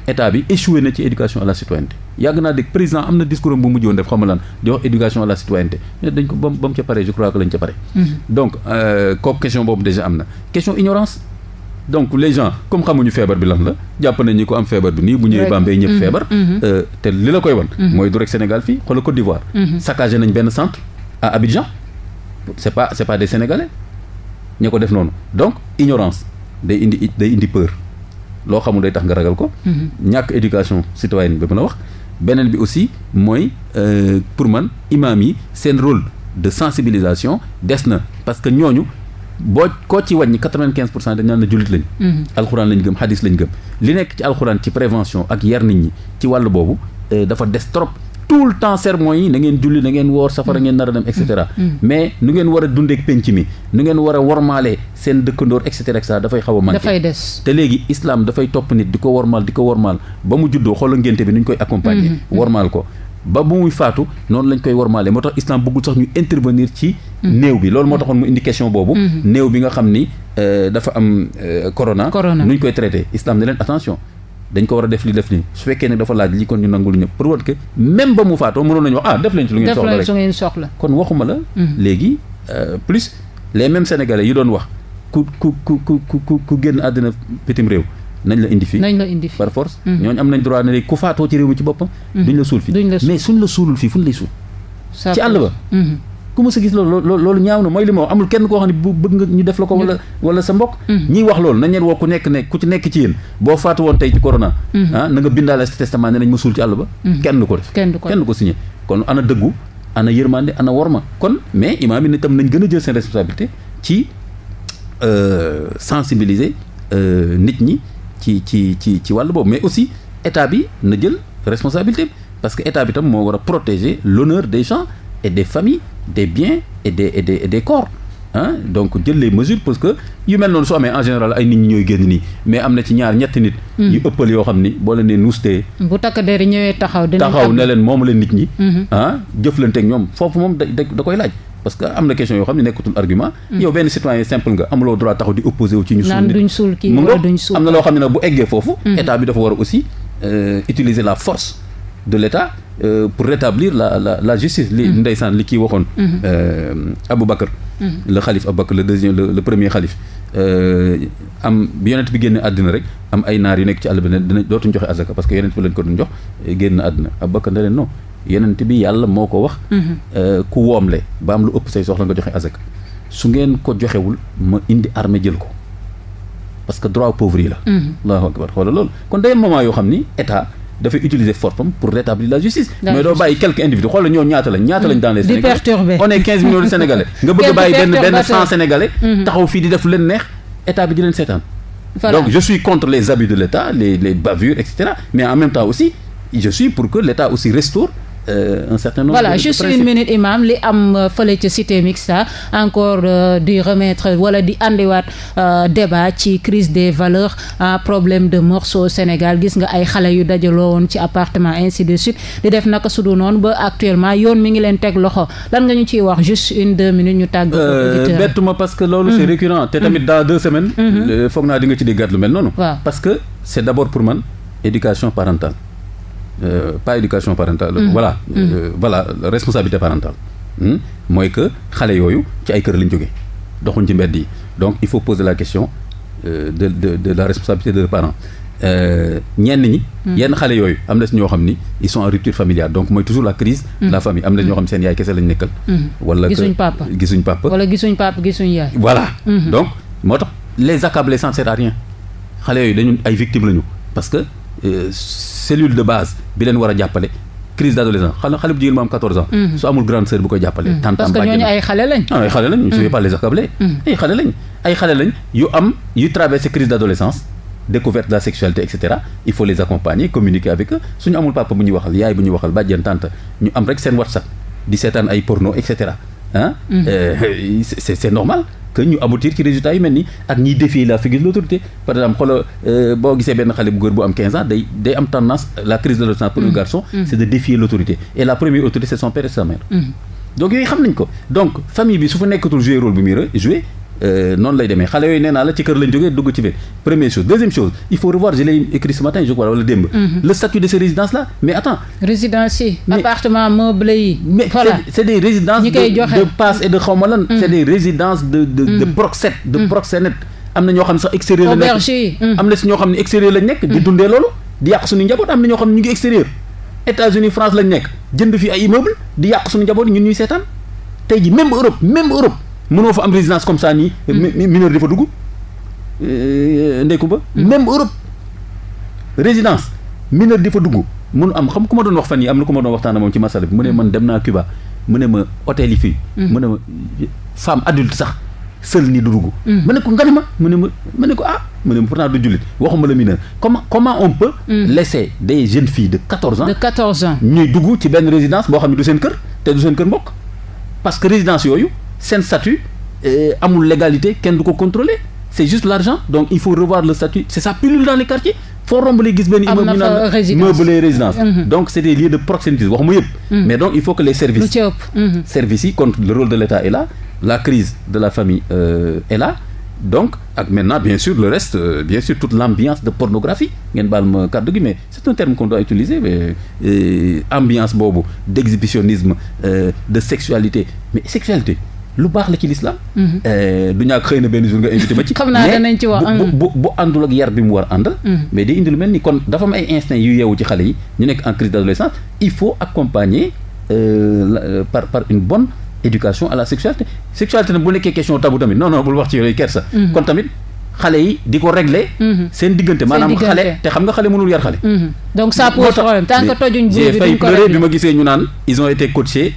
état bi échoué na ci éducation à la citoyenneté yàgg naa dégg président am na discours bu mujjoon ba mu ca pare je crois que lañ ca pare. donc les gens comme xamuñu feebar bi lan la jàpp nañ ñi ko am feebar bi nii bu ñëwee Bambey ñëpp mhm. feebar mhm. Euh, te li la koy wan mhm. mooy du rek Sénégal fii xoolal Côte d'Ivoire saccagé nañ benn centre à Abidjan c'est pas c'est pas des Sénégalais ña ko def noonu donc ignorance day indi day indi peur loo xamul day tax nga ragal ko ñàkk éducation citoyenne bi mën a wax beneen bi aussi mooy euh, pour man imam yi seen rôle de sensibilisation des na parce que ñooñu boo koo ci wàññi quatre-vingt-quinze pour cent dañ naan na jullit lañ mhm. alxuraan lañ gëm xadis lañ gëm li nekk ci alxuraan ci prévention ak yar nit ñi ci wàllu boobu euh, dafa des trop tout le temps sermon yi na ngeen julli na ngeen woor safara mhm. ngeen nar a dem et cetera mhm. mais nu ngeen war a dundeek penc mi nu ngeen war a wormaalee seen dëkkandoor et cetera et cetera dafay xaw a manqué dafay des te léegi islam dafay topp nit di ko wormaal di ko wormaal ba mu juddoo xoolal ngénte bi nu ñu koy accompagner wormaal ko ba bu muy faatu noonu lañ koy maale moo tax islam bëggul sax ñu intervenir ci néew bi loolu moo mhm. taxoon mu indi question boobu mhm. néew bi nga xam ni euh, dafa am euh, corona nuñ koy traité islam ne leen attention dañ ko war a def li def li su fekkee ne dafa laaj li kon ñu nangul ñëpp pour wat que même ba mu faatoo mënoon nañu wax ah def leen ci lu ngeen soxla rek kon waxuma la mhm. léegi euh, plus les mêmes sénégalais yi doon wax ku ku ku ku ku ku génn àddina bitim réew nañ la indi fii nañ la indi fii par force. Mhm. ñooñu am nañ droit ne léegi ku faatoo ci réew mi ci boppam. Mhm. duñ la suul fii mais suñ la suulul fii fuñ lay suul. ci àll ba. Mhm. ku ma gis loolu loolu ñaaw mooy li ma wax amul kenn koo xam ne bu ñu def la ko wala sa mbokk ñiy wax loolu nañ leen woo ku nekk ne ku ci nekk ci yéen boo faatu woon tey ci corona ah na nga bindaale sa testament ne nañ ma suul ci àll ba kenn ko def kenn du ko signé kon ana dëggu ana yërmande ana worma kon mais imaam nañ gën a jël seen responsabilité ci euh, euh, ñi ci ci ci ci wàll boobu mais aussi état bi na jël responsabilité parce que état bi tam moo war a protéger l'honneur des gens et des familles des biens des et des et des corps ah donc jël les parce que yu mel noonu su amee en général ay nit ñi ñooy génn nii mais am na ci ñaar ñetti nit. Hmm. yu ëppal yoo xam ni boo leen nee nuustee. bu takk der ñëwee taxaw. dinañ taxaw ne leen moom leen nit ñi. Hmm. ah ñoom foofu moom da da koy laaj. parce que am na question yoo xam ne nekkatul argument. Hmm. yow benn citoyen simple nga amuloo droit taxaw di opposé ci ñu. suul kii wala duñ xam ne nag bu eggee foofu. Hmm. état bi dafa war a aussi euh, utiliser la force de l' euh, pour rétablir la la la justice. li hmm. ndeysaan li kii waxoon. Euh, Aboubacar. le xalif Aboubacar le deuxième le premier xalif. am bi yonent bi génn àddina rek am ay naar yu nekk ci àll bi ne joxe azaka parce que yonent bi lañ ko doon jox génn àddina Aboubacar ne leen non. yenent bi yàlla moo ko wax mhm. euh, ku woomle ba am lu ëpp say soxla nga joxe azaka su ngeen ko joxewul ma indi armée jël ko parce que droit pauvre la mhm. allahu akbar xoola loolu kon day moment yoo xam ni état dafay utiliser forpam pour rétablir la justice mais doo bàyyi quelques individus xoolal ñoo ñaata lañ ñaata lañ dans les sénégalais on quinze millions de nga bëgg a bàyyi benn benn cent sénégalais mhm. taxaw fii di def leen neex état bi di Euh, un certain voilà, de voilà je suis une minute imam li am euh, fële ca cité Mixa encore euh, di remettre wala di andiwaat débat ci crise des valeurs problème de morceau Sénégal gis nga ay xale yu dajaloo woon ci appartement ainsi de suite di def naka su dul noonu ba actuellement yoon mi ngi leen teg loxo lan nga ñu ciy wax juste une deux minutes ñu tàgg bettuma parce que loolu c'est récurrent te tamit dans deux semaines foog naa di nga ci déggaat lu mel noonu parce que c'est d'abord pour man éducation parentale euh, pas éducation parentale. Mmh. mooy que xale yooyu ci ay kër lañ jógee doxuñ ci mbedd yi donc il faut poser la question euh, de de de la responsabilité des parents. Euh, ñenn ñi. Mm-hmm. yenn xale yooyu am na si ñoo xam ni ils sont en rupture familiale donc mooy toujours la crise de la mm-hmm. famille am na ñoo xam seen yaay kese lañ nekkal. wala gisuñ papa gisuñ papa. wala gisuñ papa yaay. voilà donc moo tax les accabler sans sert à rien xale yooyu dañu ay victimes lañu parce Euh, cellule de base bi leen war a jàppale crise d'adolescence xale xale bu jigéen bu am 14 ans mm-hmm. su amul grande sœur bu koy jàppale mm-hmm. tantam parce que ay xale lañ ah, ay xale lañ je vais mm-hmm. pas les accabler ay xale lañ ay xale lañ yu am yu traversé crise d'adolescence découverte de la sexualité et cetera il faut les accompagner communiquer avec eux suñu amul papa bu ñuy waxal yaay bu ñuy waxal bàjjen tante ñu am rek seen whatsapp di seetaan ay porno et cetera ah c'est normal que ñu aboutir ci résultat yu mel nii ak ñiy défier la figure de l'autorité par exemple xoolal euh, boo gisee benn xale bu bu am ans day day am tendance la crise de l'adolescence mm. mm. c'est de défier l'autorité et la première autorité c'est son père et mm. donc yooyu xam nañ ko donc famille bi su fa nekkatul jouer rôle bi muy jouer Euh, noonu lay demee xale yooyu nee naa la ci kër lañ jógee dugg ci biir première chose deuxième chose il faut revoir je l'ai écrit ce matin je crois wala démb mhm. le statut de ces résidences là mais attends résidence appartement meublé yi mais c'est de passe de xawma mhm. de de de mhm. am na ñoo xam ne sax extérieur lañ nekk am na si ñoo xam ne extérieur lañ nekk di dundee loolu di yàq suñu njaboot am na ñoo xam ne ñu ngi extérieur États-Unis France lañ nekk jënd fi ay immeuble di yàq suñu njaboot ñun ñuy seetaan tey ji même mënoo fa am résidence comme ça nii. Mm. mineur dafa dugg euh, ndeyku ba. Mm. même Europe résidence mineur dafa duggu mënu am xam ku ma doon wax fan yi am na ku ma doon waxtaana moom ci masala bi mu ne mm. man dem naa Cuba mu ne ma hôtel yi fii. mu ne ma femme adulte sax seul nii du dugg. ma ne ko nga ne ma mu ne ma ma ne ko ah mu ne ma pourtant du jullit waxuma la mineur comment comment on peut. laisser des jeunes fii de quatorze ans. de quatorze ans ñuy dugg ci benn résidence boo xam ne du seen kër te du seen kër mbokk que résidence yooyu. seen statut euh, amul légalité kenn du ko contrôler c'est juste l'argent donc il faut revoir le statut c'est ça pilule dans les quartiers foo romb lay gis benn immeuble ñu naan meublé résidence mhm. donc c'est des lieux de proximité waxuma yëpp mhm. mais donc il faut que les services mhm. contre le rôle de l'État est là la crise de la famille euh, est là donc ak maintenant bien sûr le reste euh, bien sûr toute l'ambiance de pornographie ngeen baal ma kàddu gi mais c'est un terme qu'on doit utiliser euh, euh, de sexualité mais lu baax la ci lislaam mhm. euh, du ñàkk xëy na benn jour nga invité ma ci. xam naa danañ ci wax bu bu bu àndul ak yar bi mu war a ànd. Mhm. mais day indi lu mel ni kon dafa am ay instincts yu yeewu ci xale yi ñu nekk en crise d'adolescence il faut accompagner euh, euh, par une bonne éducation à la sexualité sexualité nag bu nekkee question tabou tamit non bul wax ci yooyu kersa. Mhm. kon tamit. xale yi di ko régler seen diggante maanaam xale te xam nga xale mënul yar xale donc ça pose problème tant que tojuñ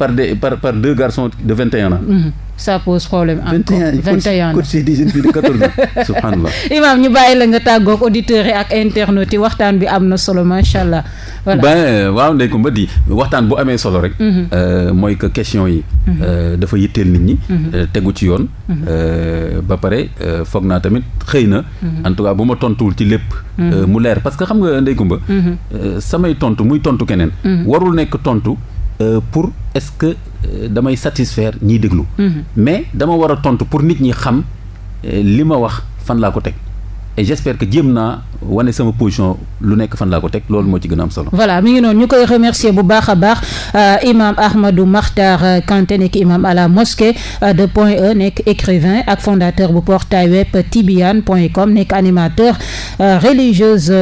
par des par par deux garçons de 21 ans. Mhm. ça pose problème encore 21 ans c'est des jeunes de 14 ans imaam ñu bàyyi la nga tàggoog auditeurs yi ak internautes yi waxtaan bi am na solo macha allah. voilà euh, waaw ndey Kumba di waxtaan bu amee solo rek. Mhm. Euh, mooy que question yi. Mhm. Euh, dafa yitteel nit ñi. tegu ci yoon. ba pare foog naa tamit xëy na. en tout cas bu ma tontuwul ci lépp. mu leer parce que xam nga ndey Kumba. samay tontu muy tontu keneen. warul nekk tontu. Euh, pour est-ce que euh, damay satisfaire ñi déglu mm-hmm. mais dama war a tontu pour nit ñi xam euh, li ma wax fan laa ko teg et j'espère que jéem naa wane sama position lu nekk fan laa ko teg loolu moo ci gën a am solo. voilà mi ngi noonu ñu koy remercier bu baax a baax euh, imam Ahmadou Makhtar euh, Kanté nekk imam à la euh, de Point E nekk écrivain ak fondateur bu portail web tibian.com nekk animateur religieuse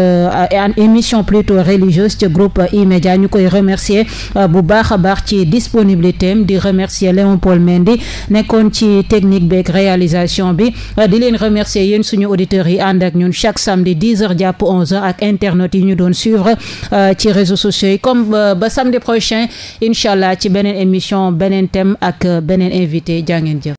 émission plutôt religieuse ci groupe e ñu koy remercier bu baax a baax ci disponibilité am di remercier Léon Paul nekkoon ci technique beeg réalisation bi di leen remercier yéen suñu ak ñun chaque samedi 10h jàpp 11h ak internet yi ñu doon suivre euh, ci réseaux sociaux yi comme euh, ba samedi prochain incha allah ci beneen émission beneen thème ak euh, beneen invité jaa ngeen